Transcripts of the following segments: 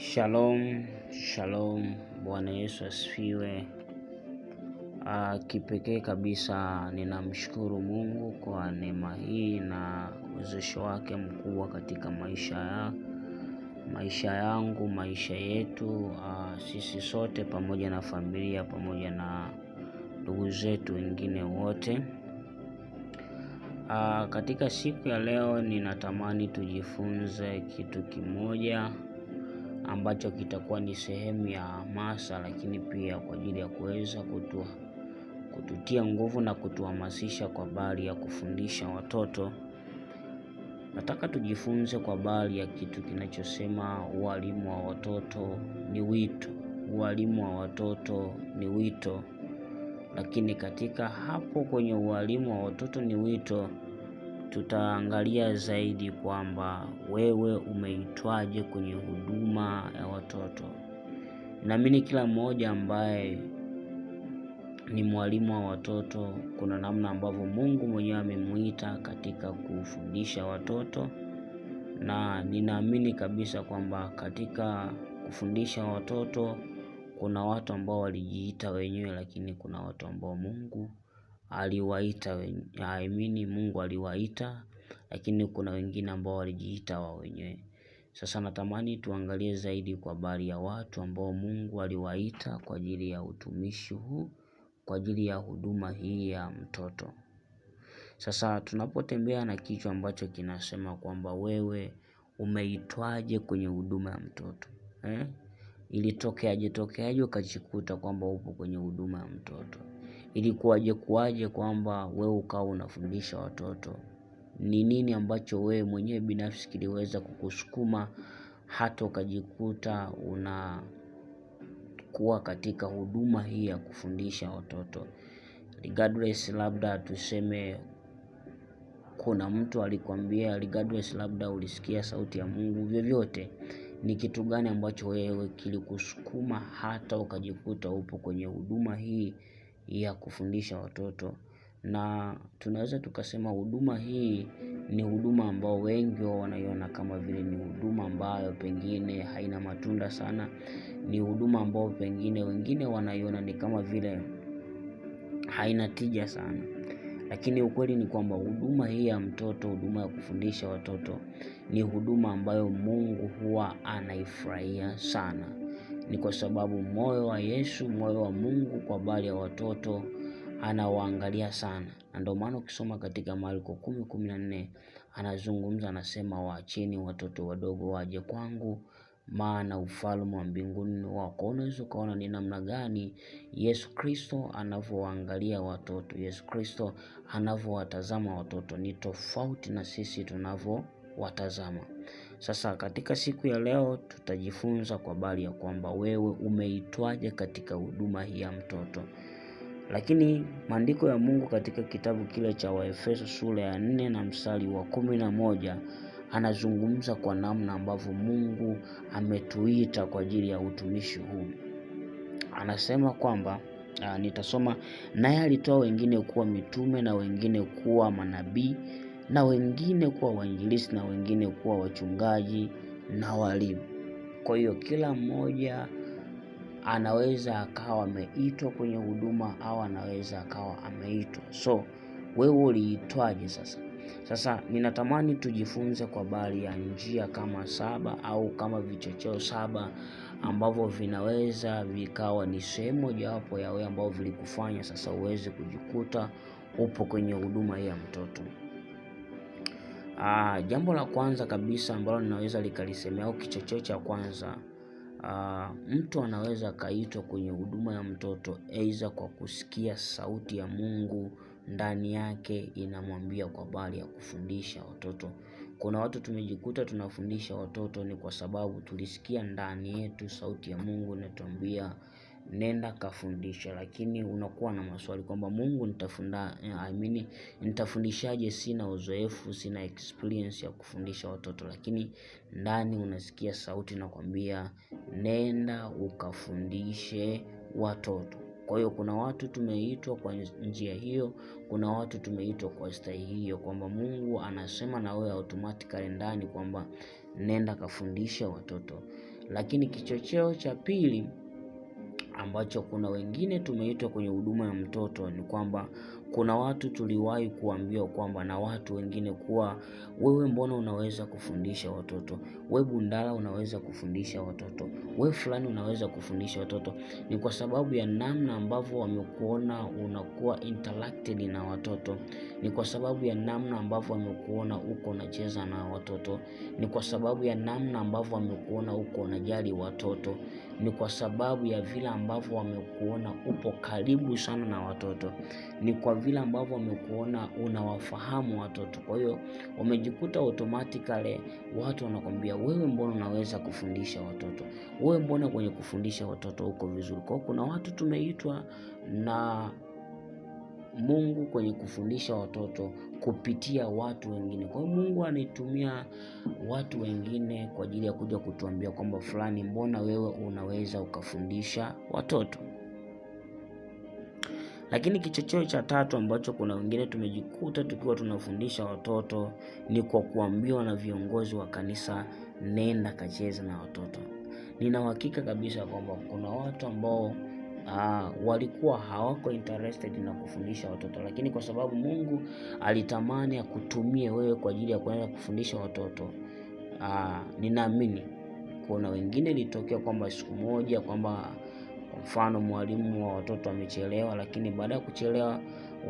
Shalom, shalom. Bwana Yesu asifiwe. Ah, kipekee kabisa ninamshukuru Mungu kwa neema hii na uwezesho wake mkubwa katika maisha ya maisha yangu, maisha yetu, a, ah, sisi sote pamoja na familia pamoja na ndugu zetu wengine wote. Ah, katika siku ya leo ninatamani tujifunze kitu kimoja ambacho kitakuwa ni sehemu ya hamasa, lakini pia kwa ajili ya kuweza kutua, kututia nguvu na kutuhamasisha kwa bali ya kufundisha watoto. Nataka tujifunze kwa bali ya kitu kinachosema ualimu wa watoto ni wito, ualimu wa watoto ni wito. Lakini katika hapo kwenye ualimu wa watoto ni wito tutaangalia zaidi kwamba wewe umeitwaje kwenye huduma ya watoto. Naamini kila mmoja ambaye ni mwalimu wa watoto, kuna namna ambavyo Mungu mwenyewe amemwita katika kufundisha watoto, na ninaamini kabisa kwamba katika kufundisha watoto kuna watu ambao walijiita wenyewe, lakini kuna watu ambao Mungu aliwaita haamini Mungu aliwaita, lakini kuna wengine ambao walijiita wao wenyewe. Sasa natamani tuangalie zaidi kwa habari ya watu ambao Mungu aliwaita kwa ajili ya utumishi huu, kwa ajili ya huduma hii ya mtoto. Sasa tunapotembea na kichwa ambacho kinasema kwamba wewe umeitwaje kwenye huduma ya mtoto eh? Ilitokeaje tokeaje ukajikuta kwamba upo kwenye huduma ya mtoto? ilikuwaje kuwaje kwamba wewe ukawa unafundisha watoto? Ni nini ambacho wewe mwenyewe binafsi kiliweza kukusukuma hata ukajikuta unakuwa katika huduma hii ya kufundisha watoto? Regardless, labda tuseme kuna mtu alikwambia, regardless, labda ulisikia sauti ya Mungu, vyovyote ni kitu gani ambacho wewe kilikusukuma hata ukajikuta upo kwenye huduma hii ya kufundisha watoto na tunaweza tukasema huduma hii ni huduma ambao wengi wao wanaiona kama vile ni huduma ambayo pengine haina matunda sana, ni huduma ambao pengine wengine wanaiona ni kama vile haina tija sana, lakini ukweli ni kwamba huduma hii ya mtoto, huduma ya kufundisha watoto ni huduma ambayo Mungu huwa anaifurahia sana. Ni kwa sababu moyo wa Yesu, moyo wa Mungu kwa bali ya watoto anawaangalia sana, na ndio maana ukisoma katika Marko kumi kumi na nne anazungumza anasema, waacheni watoto wadogo waje kwangu, maana ufalme wa mbinguni wako. Unaweza ukaona ni namna gani Yesu Kristo anavyowaangalia watoto, Yesu Kristo anavyowatazama watoto, ni tofauti na sisi tunavyowatazama. Sasa katika siku ya leo tutajifunza kwa bali ya kwamba wewe umeitwaje katika huduma hii ya mtoto. Lakini maandiko ya Mungu katika kitabu kile cha Waefeso sura ya nne na mstari wa kumi na moja anazungumza kwa namna ambavyo Mungu ametuita kwa ajili ya utumishi huu. Anasema kwamba ah, nitasoma, naye alitoa wengine kuwa mitume na wengine kuwa manabii na wengine kuwa wainjilisi na wengine kuwa wachungaji na walimu. Kwa hiyo kila mmoja anaweza akawa ameitwa kwenye huduma au anaweza akawa ameitwa. So wewe uliitwaje sasa? Sasa ninatamani tujifunze kwa bali ya njia kama saba au kama vichocheo saba ambavyo vinaweza vikawa ni sehemu mojawapo ya wewe ambao vilikufanya sasa uweze kujikuta upo kwenye huduma hii ya mtoto. Aa, ah, jambo la kwanza kabisa ambalo ninaweza likalisemea au kichocheo cha kwanza aa, ah, mtu anaweza akaitwa kwenye huduma ya mtoto aidha kwa kusikia sauti ya Mungu ndani yake inamwambia kwa bali ya kufundisha watoto. Kuna watu tumejikuta tunafundisha watoto ni kwa sababu tulisikia ndani yetu sauti ya Mungu inatuambia nenda kafundisha, lakini unakuwa na maswali kwamba Mungu, nitafunda I mean, nitafundishaje? Sina uzoefu, sina experience ya kufundisha watoto, lakini ndani unasikia sauti nakwambia, nenda ukafundishe watoto. Kwa hiyo kuna watu tumeitwa kwa njia hiyo, kuna watu tumeitwa kwa staili hiyo, kwamba Mungu anasema na wewe automatically ndani kwamba nenda kafundisha watoto. Lakini kichocheo cha pili ambacho kuna wengine tumeitwa kwenye huduma ya mtoto ni kwamba kuna watu tuliwahi kuambiwa kwamba na watu wengine kuwa wewe, mbona unaweza kufundisha watoto? We Bundala, unaweza kufundisha watoto? We fulani, unaweza kufundisha watoto? Ni kwa sababu ya namna ambavyo wamekuona unakuwa interacted na watoto, ni kwa sababu ya namna ambavyo wamekuona uko unacheza na watoto, ni kwa sababu ya namna ambavyo wamekuona uko unajali watoto, ni kwa sababu ya vile ambavyo wamekuona upo karibu sana na watoto, ni kwa vile ambavyo wamekuona unawafahamu watoto, kwa hiyo wamejikuta automatically watu wanakwambia wewe, mbona unaweza kufundisha watoto, wewe mbona kwenye kufundisha watoto huko vizuri. Kwa hiyo kuna watu tumeitwa na Mungu kwenye kufundisha watoto kupitia watu wengine. Kwa hiyo Mungu anaitumia watu wengine kwa ajili ya kuja kutuambia kwamba fulani, mbona wewe unaweza ukafundisha watoto. Lakini kichocheo cha tatu ambacho kuna wengine tumejikuta tukiwa tunafundisha watoto ni kwa kuambiwa na viongozi wa kanisa, nenda kacheze na watoto. Nina uhakika kabisa kwamba kuna watu ambao Uh, walikuwa hawako interested na kufundisha watoto, lakini kwa sababu Mungu alitamani akutumie wewe kwa ajili ya kuenda kufundisha watoto uh, ninaamini kuna wengine ilitokea kwamba siku moja kwamba kwa mfano mwalimu wa watoto amechelewa, lakini baada ya kuchelewa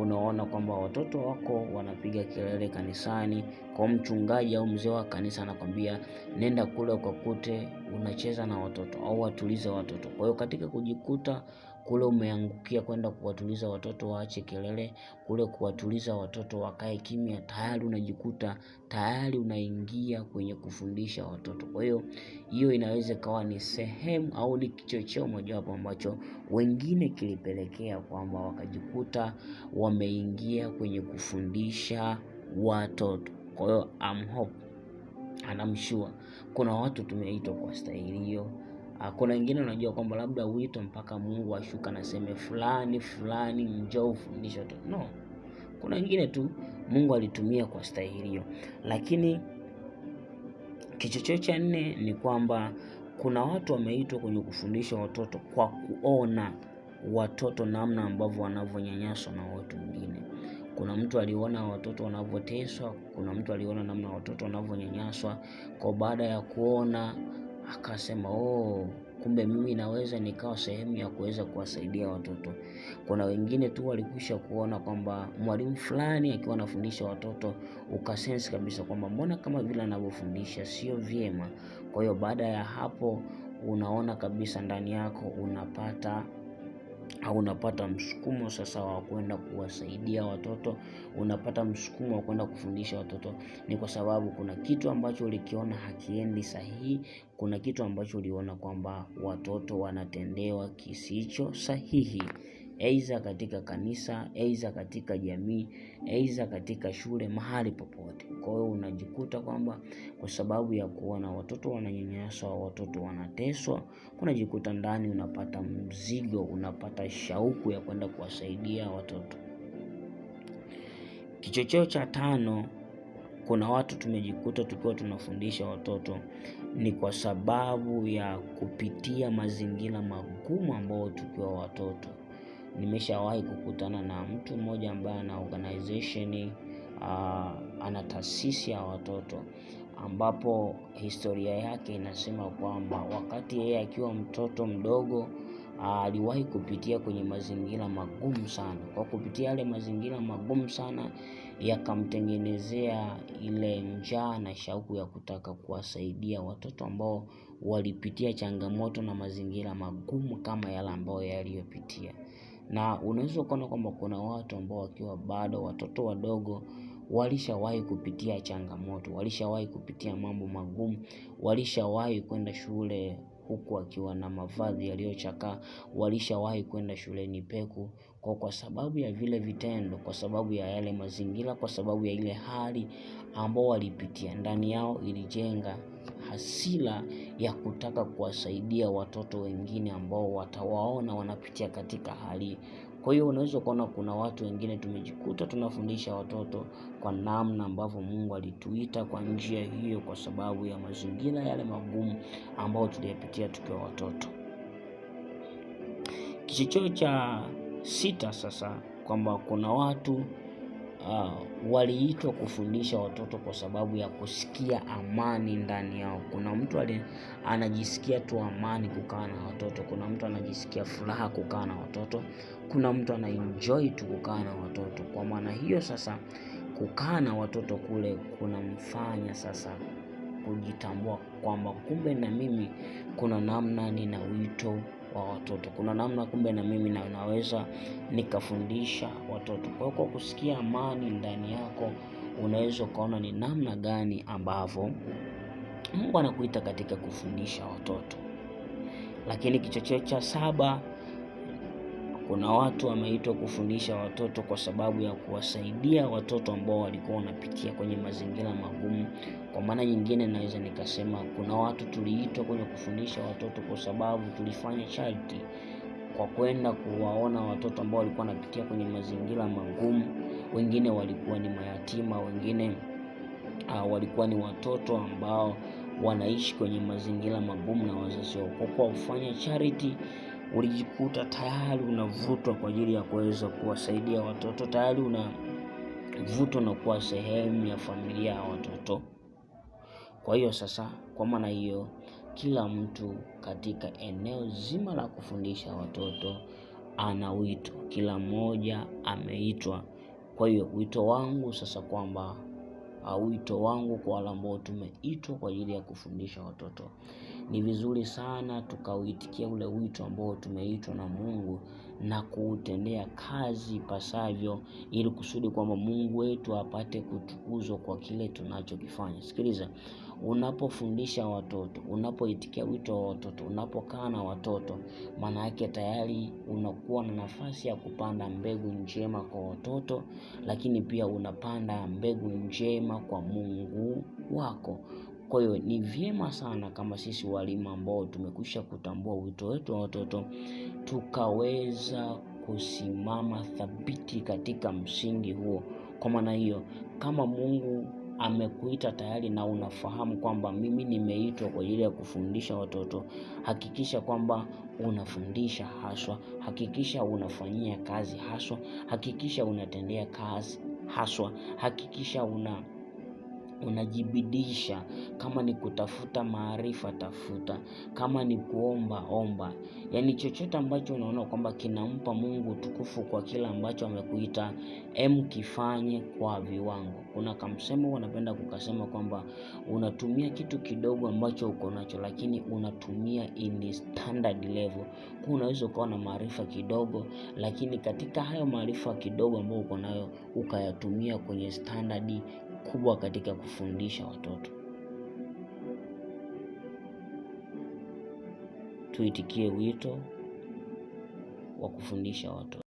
unaona kwamba watoto wako wanapiga kelele kanisani, kwa mchungaji au mzee wa kanisa anakwambia nenda kule ukakute unacheza na watoto au watulize watoto. Kwa hiyo katika kujikuta kule umeangukia kwenda kuwatuliza watoto waache kelele, kule kuwatuliza watoto wakae kimya, tayari unajikuta tayari unaingia kwenye kufundisha watoto. Kwa hiyo hiyo inaweza ikawa ni sehemu au ni kichocheo mojawapo ambacho wengine kilipelekea kwamba wakajikuta wameingia kwenye kufundisha watoto. Kwa hiyo I'm hope anamshua kuna watu tumeitwa kwa staili hiyo. Ah, kuna wengine unajua kwamba labda wito mpaka Mungu ashuka na seme fulani fulani, njoo ufundishe tu. No, kuna wengine tu Mungu alitumia kwa stahili hiyo. Lakini kichocheo cha nne ni kwamba kuna watu wameitwa kwenye kufundisha watoto kwa kuona watoto namna ambavyo wanavyonyanyaswa na watu wengine. Kuna mtu aliona watoto wanavyoteswa, kuna mtu aliona namna watoto wanavyonyanyaswa, kwa baada ya kuona akasema oh, kumbe mimi naweza nikawa sehemu ya kuweza kuwasaidia watoto. Kuna wengine tu walikwisha kuona kwamba mwalimu fulani akiwa anafundisha watoto ukasensi kabisa kwamba mbona kama vile anavyofundisha sio vyema. Kwa hiyo baada ya hapo, unaona kabisa ndani yako unapata au unapata msukumo sasa wa kwenda kuwasaidia watoto, unapata msukumo wa kwenda kufundisha watoto, ni kwa sababu kuna kitu ambacho ulikiona hakiendi sahihi, kuna kitu ambacho uliona kwamba watoto wanatendewa kisicho sahihi aidha katika kanisa, aidha katika jamii, aidha katika shule, mahali popote. Kwa hiyo unajikuta kwamba kwa sababu ya kuona watoto wananyanyaswa, watoto wanateswa, unajikuta ndani unapata mzigo, unapata shauku ya kwenda kuwasaidia watoto. Kichocheo cha tano, kuna watu tumejikuta tukiwa tunafundisha watoto ni kwa sababu ya kupitia mazingira magumu ambayo tukiwa watoto nimeshawahi kukutana na mtu mmoja ambaye ana organization uh, ana taasisi ya watoto ambapo historia yake inasema kwamba wakati yeye akiwa mtoto mdogo uh, aliwahi uh, kupitia kwenye mazingira magumu sana. Kwa kupitia yale mazingira magumu sana yakamtengenezea ile njaa na shauku ya kutaka kuwasaidia watoto ambao walipitia changamoto na mazingira magumu kama yale ambayo yaliyopitia na unaweza kuona kwamba kuna watu ambao wakiwa bado watoto wadogo walishawahi kupitia changamoto, walishawahi kupitia mambo magumu, walishawahi kwenda shule huku akiwa na mavazi yaliyochakaa, walishawahi kwenda shuleni peku kwa, kwa sababu ya vile vitendo, kwa sababu ya yale mazingira, kwa sababu ya ile hali ambao walipitia ndani yao ilijenga hasira ya kutaka kuwasaidia watoto wengine ambao watawaona wanapitia katika hali. Kwa hiyo unaweza kuona kuna watu wengine tumejikuta tunafundisha watoto kwa namna ambavyo Mungu alituita kwa njia hiyo, kwa sababu ya mazingira yale magumu ambayo tuliyapitia tukiwa watoto. Kichocheo cha sita sasa, kwamba kuna watu uh, waliitwa kufundisha watoto kwa sababu ya kusikia amani ndani yao. Kuna mtu ali, anajisikia tu amani kukaa na watoto, kuna mtu anajisikia furaha kukaa na watoto, kuna mtu anaenjoy tu kukaa na watoto. Kwa maana hiyo sasa kukaa na watoto kule kunamfanya sasa kujitambua kwamba kumbe na mimi kuna namna nina wito kwa watoto. Kuna namna kumbe na mimi na naweza nikafundisha watoto. Kwa kwa kusikia amani ndani yako, unaweza ukaona ni namna gani ambavyo Mungu anakuita katika kufundisha watoto. Lakini kichocheo cha saba kuna watu wameitwa kufundisha watoto kwa sababu ya kuwasaidia watoto ambao walikuwa wanapitia kwenye mazingira magumu. Kwa maana nyingine, naweza nikasema kuna watu tuliitwa kwenye kufundisha watoto kwa sababu tulifanya charity kwa kwenda kuwaona watoto ambao walikuwa wanapitia kwenye mazingira magumu. Wengine walikuwa ni mayatima, wengine uh, walikuwa ni watoto ambao wanaishi kwenye mazingira magumu na wazazi wao. Kwa kufanya charity ulijikuta tayari unavutwa kwa ajili ya kuweza kuwasaidia watoto, tayari unavutwa na kuwa sehemu ya familia ya watoto. Kwa hiyo sasa, kwa maana hiyo, kila mtu katika eneo zima la kufundisha watoto ana wito, kila mmoja ameitwa. Kwa hiyo wito wangu sasa kwamba wito wangu kwa wale ambao tumeitwa kwa ajili ya kufundisha watoto. Ni vizuri sana tukauitikia ule wito ambao tumeitwa na Mungu na kuutendea kazi ipasavyo, ili kusudi kwamba Mungu wetu apate kutukuzwa kwa kile tunachokifanya. Sikiliza unapofundisha watoto, unapoitikia wito wa watoto, unapokaa na watoto, maana yake tayari unakuwa na nafasi ya kupanda mbegu njema kwa watoto, lakini pia unapanda mbegu njema kwa Mungu wako. Kwa hiyo ni vyema sana kama sisi walimu ambao tumekwisha kutambua wito wetu wa watoto tukaweza kusimama thabiti katika msingi huo. Kwa maana hiyo, kama Mungu amekuita tayari na unafahamu kwamba mimi nimeitwa kwa ajili ya kufundisha watoto, hakikisha kwamba unafundisha haswa, hakikisha unafanyia kazi haswa, hakikisha unatendea kazi haswa, hakikisha una unajibidisha. Kama ni kutafuta maarifa, tafuta. Kama ni kuomba, omba. Yaani chochote ambacho unaona kwamba kinampa Mungu utukufu kwa kila ambacho amekuita, em, kifanye kwa viwango. Kuna kamsemo wanapenda kukasema kwamba unatumia kitu kidogo ambacho uko nacho, lakini unatumia in standard level. Kwa unaweza ukawa na maarifa kidogo, lakini katika hayo maarifa kidogo ambayo uko nayo ukayatumia kwenye standard kubwa katika kufundisha watoto. Tuitikie wito wa kufundisha watoto.